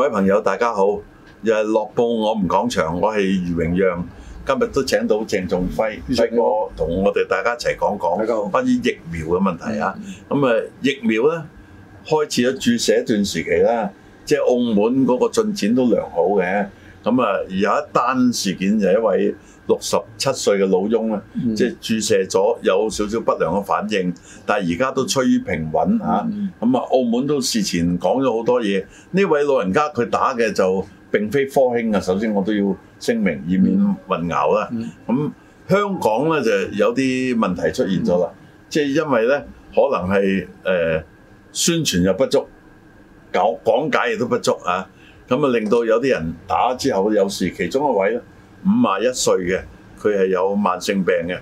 各位朋友，大家好！又係樂報我們講場，我係余榮陽，今日都請到鄭仲輝，我同我哋大家一齊講講關於疫苗嘅問題啊！咁啊，疫苗咧開始咗注射一段時期啦，即係澳門嗰個進展都良好嘅。咁啊，有一單事件就係一位。六十七歲嘅老翁咧，即、就、係、是、注射咗有少少不良嘅反應，但係而家都趨於平穩嚇。咁啊，澳門都事前講咗好多嘢。呢位老人家佢打嘅就並非科興啊，首先我都要聲明，以免混淆啦。咁、嗯、香港咧就有啲問題出現咗啦，即、嗯、係因為咧可能係誒、呃、宣傳又不足，搞講解亦都不足啊。咁啊，令到有啲人打之後有事，其中一位咧。五十一歲嘅，佢係有慢性病嘅，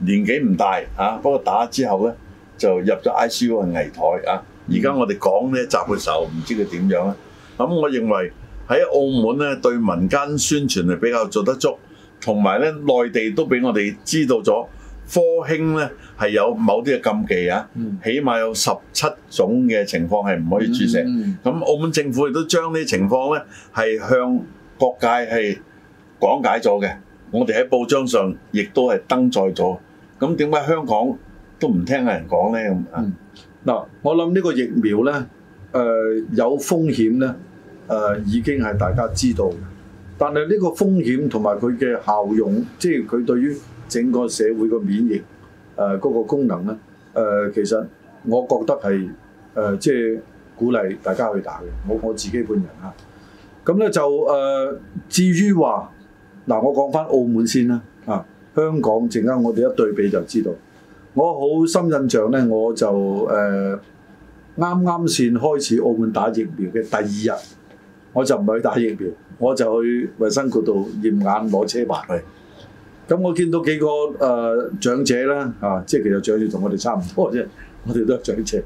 年紀唔大啊，不過打之後咧就入咗 ICU 嘅危殆啊！而家我哋講呢集嘅時候，唔知佢點樣咧？咁我認為喺澳門咧對民間宣傳係比較做得足，同埋咧內地都俾我哋知道咗科興咧係有某啲嘅禁忌啊，起碼有十七種嘅情況係唔可以注射。咁澳門政府亦都將呢啲情況咧係向各界係。講解咗嘅，我哋喺報章上亦都係登載咗。咁點解香港都唔聽人講呢？咁啊，嗱，我諗呢個疫苗呢，誒、呃、有風險呢，誒、呃、已經係大家知道嘅。但係呢個風險同埋佢嘅效用，即係佢對於整個社會個免疫誒嗰、呃嗰個功能呢，誒、呃、其實我覺得係誒、呃、即係鼓勵大家去打嘅。我我自己本人啊，咁呢就誒、呃、至於話。嗱、啊，我講翻澳門先啦，啊，香港陣間我哋一對比就知道。我好深印象咧，我就誒啱啱先開始澳門打疫苗嘅第二日，我就唔係去打疫苗，我就去衞生局度驗眼攞車牌去。咁我見到幾個誒、呃、長者啦，啊，即係其實長者同我哋差唔多啫，我哋都係長者。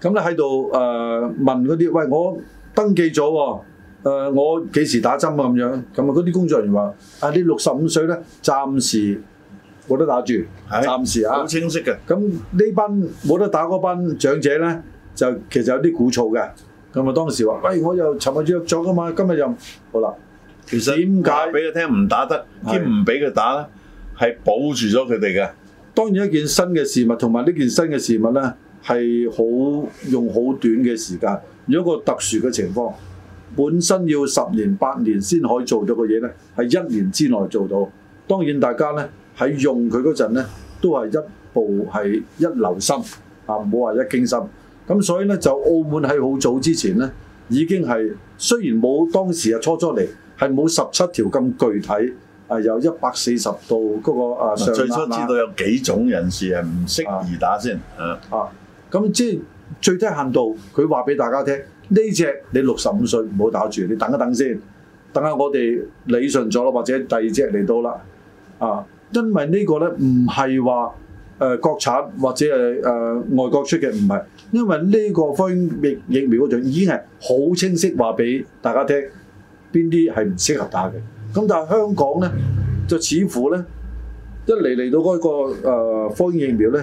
咁咧喺度誒問嗰啲，喂，我登記咗喎、哦。誒、呃，我幾時打針啊？咁樣咁啊，嗰啲工作人員話，啊，你六十五歲咧，暫時冇得打住，暫時啊，好清晰嘅。咁呢班冇得打嗰班長者咧，就其實有啲鼓噪嘅。咁啊，當時話，喂、哎，我又尋日約咗㗎嘛，今日又好啦。其實點解俾佢聽唔打得，兼唔俾佢打咧？係保住咗佢哋嘅。當然一件新嘅事物，同埋呢件新嘅事物咧，係好用好短嘅時間。如果個特殊嘅情況。本身要十年八年先可以做到嘅嘢呢，係一年之內做到。當然大家呢，喺用佢嗰陣呢，都係一步係一留心。心啊，唔好話一驚心咁，所以呢，就澳門喺好早之前呢，已經係雖然冇當時嘅初初嚟係冇十七條咁具體，係有一百四十度嗰個啊。最初知道有幾種人士係唔適宜打先啊咁、啊啊、即係最低限度佢話俾大家聽。呢隻你六十五歲唔好打住，你等一等先，等下我哋理順咗或者第二隻嚟到啦。啊，因為這個呢個咧唔係話誒國產或者係、呃、外國出嘅，唔係，因為呢個科興疫疫苗嗰種已經係好清晰話俾大家聽，邊啲係唔適合打嘅。咁但係香港咧就似乎咧一嚟嚟到嗰個、呃、科興疫苗咧，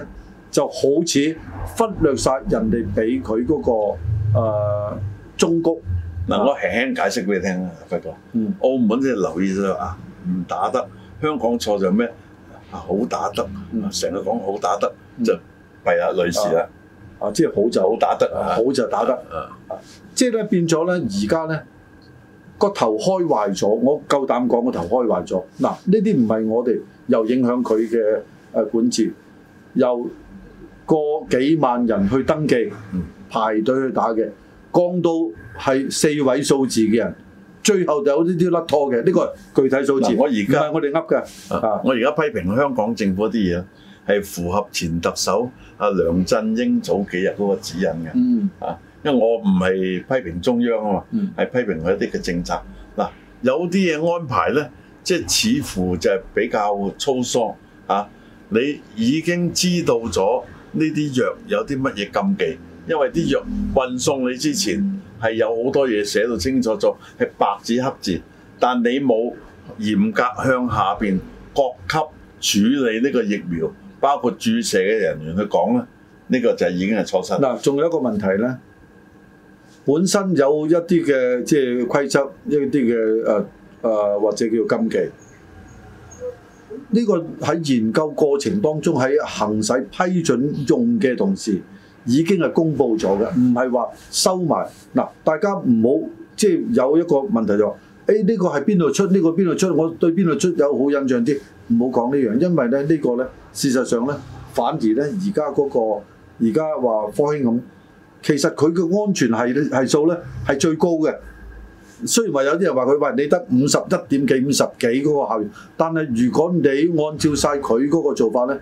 就好似忽略晒人哋俾佢嗰個。誒、啊、中谷嗱，啊、我輕輕解釋俾你聽啊，輝、啊、哥。澳門即係留意咗啊，唔打得。香港錯就咩？好打得，成日講好打得、嗯、就係啊女士啦。啊，即係好就好打得啊，啊，好就打得啊，啊，啊。即係咧變咗咧，而家咧個頭開壞咗，我夠膽講個頭開壞咗。嗱、啊，呢啲唔係我哋又影響佢嘅誒管治，又過幾萬人去登記。嗯排隊去打嘅，降到係四位數字嘅人，最後就有呢啲甩拖嘅。呢、嗯、個係具體數字，我唔係我哋噏嘅。我而家、啊啊、批評香港政府啲嘢，係符合前特首阿梁振英早幾日嗰個指引嘅、嗯。啊，因為我唔係批評中央啊嘛，係、嗯、批評佢一啲嘅政策。嗱、啊，有啲嘢安排咧，即、就、係、是、似乎就係比較粗疏。啊，你已經知道咗呢啲藥有啲乜嘢禁忌？因為啲藥運送你之前係有好多嘢寫到清楚咗，係白紙黑字，但你冇嚴格向下邊各級處理呢個疫苗，包括注射嘅人員去講咧，呢個就已經係錯失了。嗱，仲有一個問題咧，本身有一啲嘅即係規則，一啲嘅誒誒或者叫禁忌，呢個喺研究過程當中喺行使批准用嘅同時，已經係公布咗嘅，唔係話收埋嗱，大家唔好即係有一個問題就話，誒呢個係邊度出？呢個邊度出？我對邊度出有好印象啲，唔好講呢樣，因為咧呢個咧事實上咧，反而咧而家嗰個而家話科興咁，其實佢嘅安全係係數咧係最高嘅。雖然話有啲人話佢話你得五十一點幾五十幾嗰個效，但係如果你按照晒佢嗰個做法咧。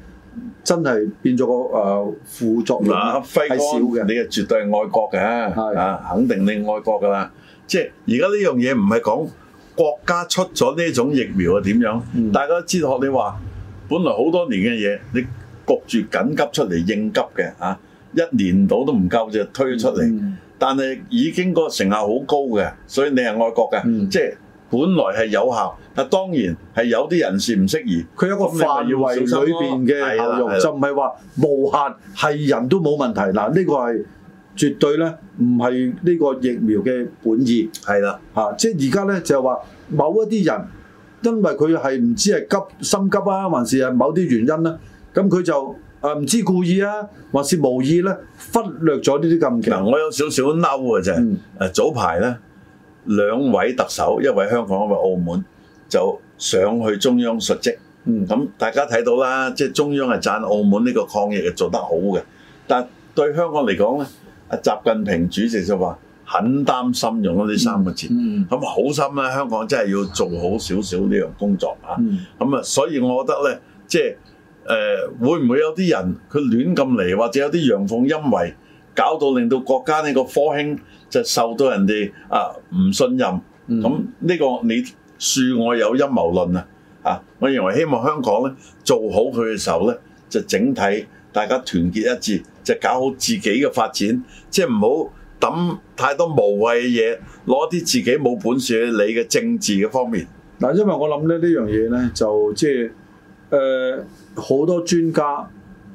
真係變咗個誒副作用係少嘅，你係絕對係愛國嘅，係啊，肯定你愛國㗎啦。即係而家呢樣嘢唔係講國家出咗呢種疫苗係點樣嘅，嗯？大家都知道你話，本來好多年嘅嘢，你焗住緊急出嚟應急嘅啊，一年到都唔夠就推出嚟，嗯，但係已經個成效好高嘅，所以你係愛國嘅，嗯，即係。本來係有效，嗱當然係有啲人士唔適宜，佢有個範圍裏邊嘅效用就唔係話無限，係人都冇問題嗱，呢個係絕對咧，唔係呢個疫苗嘅本意。係啦，嚇，即係而家咧就係話某一啲人因為佢係唔知係急心急啊，還是係某啲原因咧，咁佢就誒唔知故意啊，還是無意咧忽略咗呢啲禁忌。嗱，我有少少嬲啊，就誒早排咧。兩位特首，一位香港，一位澳門，就上去中央述職。咁、嗯、大家睇到啦，即係中央係讚澳門呢個抗疫係做得好嘅。但係對香港嚟講咧，阿習近平主席就話很擔心，用咗呢三個字。咁、嗯嗯、好心啦，香港真係要做好少少呢樣工作啊。咁、嗯、啊，所以我覺得咧，即係誒、呃、會唔會有啲人佢亂咁嚟，或者有啲陽奉陰違？搞到令到國家呢個科興就受到人哋啊唔信任，咁呢個你恕我有陰謀論啊！啊，我認為希望香港咧做好佢嘅時候咧，就整體大家團結一致，就搞好自己嘅發展，即係唔好抌太多無謂嘅嘢，攞啲自己冇本事去你嘅政治嘅方面。嗱，因為我諗咧呢樣嘢咧就即係誒好多專家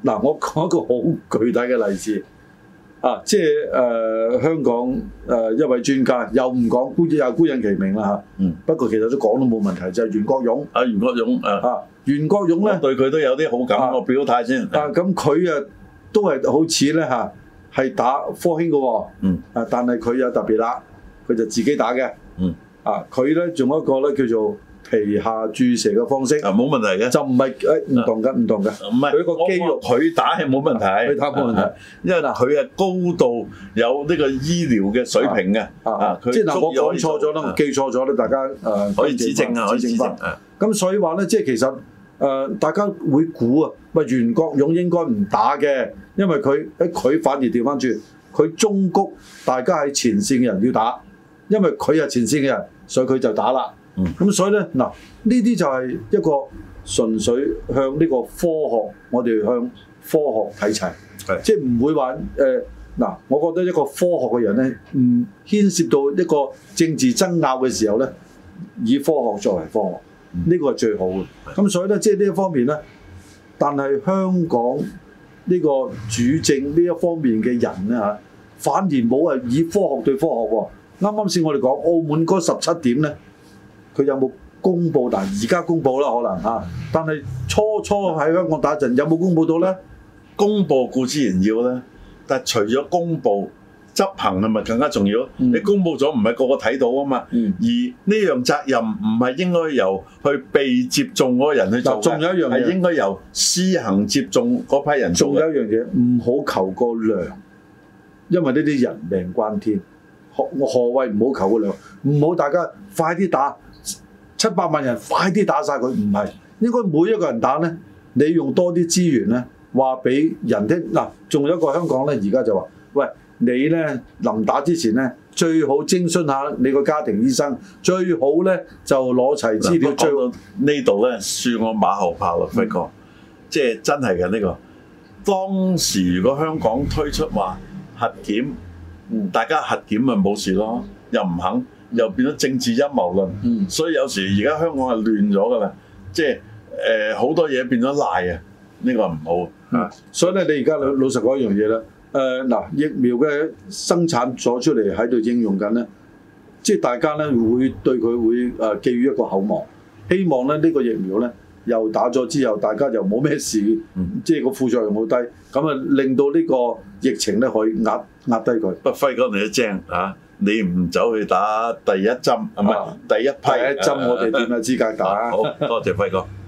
嗱，我講一個好具體嘅例子。啊，即係、呃、香港、呃、一位專家又不，又唔講孤，又孤隱其名啦嚇，嗯，不過其實都講都冇問題，就係、是、袁國勇啊，袁國勇啊，袁國勇咧，對佢都有啲好感，我、啊、表態先。啊，咁佢啊都係好似咧係打科興嘅喎、啊嗯。嗯。啊，但係佢有特別啦，佢就自己打嘅。嗯。啊，佢咧仲有一個咧叫做。皮下注射嘅方式啊，冇問題嘅，就唔係誒唔同嘅。唔同嘅，唔係佢個肌肉佢打係冇問題，佢、啊、打冇問題，啊啊、因為嗱佢係高度有呢個醫療嘅水平嘅啊，即係嗱我講錯咗啦、啊，記錯咗啦，大家誒可以指正啊，可以指咁、啊啊啊、所以話咧，即係其實誒、呃，大家會估啊，咪袁國勇應該唔打嘅，因為佢喺佢反而調翻轉，佢中谷大家係前線嘅人要打，因為佢係前線嘅人，所以佢就打啦。咁、嗯、所以呢，嗱，呢啲就係一個純粹向呢個科學，我哋向科學睇齊，係即係唔會話誒嗱。我覺得一個科學嘅人呢，唔、嗯、牽涉到一個政治爭拗嘅時候呢，以科學作為科學，呢個係最好嘅。咁所以呢，即係呢一方面呢，但係香港呢個主政呢一方面嘅人呢，嚇，反而冇誒以科學對科學喎、哦。啱啱先我哋講澳門嗰十七點呢。佢有冇公布？但而家公布啦，可能嚇。但係初初喺香港打陣，有冇公布到咧？公布固之然要咧，但係除咗公布，執行係咪更加重要？嗯、你公布咗唔係個個睇到啊嘛。嗯、而呢樣責任唔係應該由去被接種嗰個人去做，仲有，有一樣係應該由施行接種嗰批人做。仲有一樣嘢，唔好求過量，因為呢啲人命關天，何何謂唔好求過量？唔好大家快啲打。一百萬人快啲打晒佢，唔係應該每一個人打呢，你用多啲資源呢，話俾人聽嗱。仲有一個香港呢，而家就話：喂，你呢，臨打之前呢，最好徵詢下你個家庭醫生，最好呢，就攞齊資料。最好呢度呢，算我馬後炮啦，輝哥，即係真係嘅呢個。當時如果香港推出話核檢，大家核檢咪冇事咯，又唔肯。又變咗政治陰謀論，嗯、所以有時而家香港係亂咗㗎啦，即係誒好多嘢變咗賴啊，呢個唔好。所以咧，你而家老老實講一樣嘢啦，誒、呃、嗱疫苗嘅生產咗出嚟喺度應用緊咧，即係大家咧會對佢會誒、呃、寄予一個厚望，希望咧呢、呢個疫苗咧又打咗之後，大家又冇咩事，嗯、即係個副作用好低，咁啊令到呢個疫情咧可以壓壓低佢。不揮哥你一正嚇。啊。你唔走去打第一針，唔、啊、係第一批一針我們，我哋點啊？資格打，好多謝輝哥。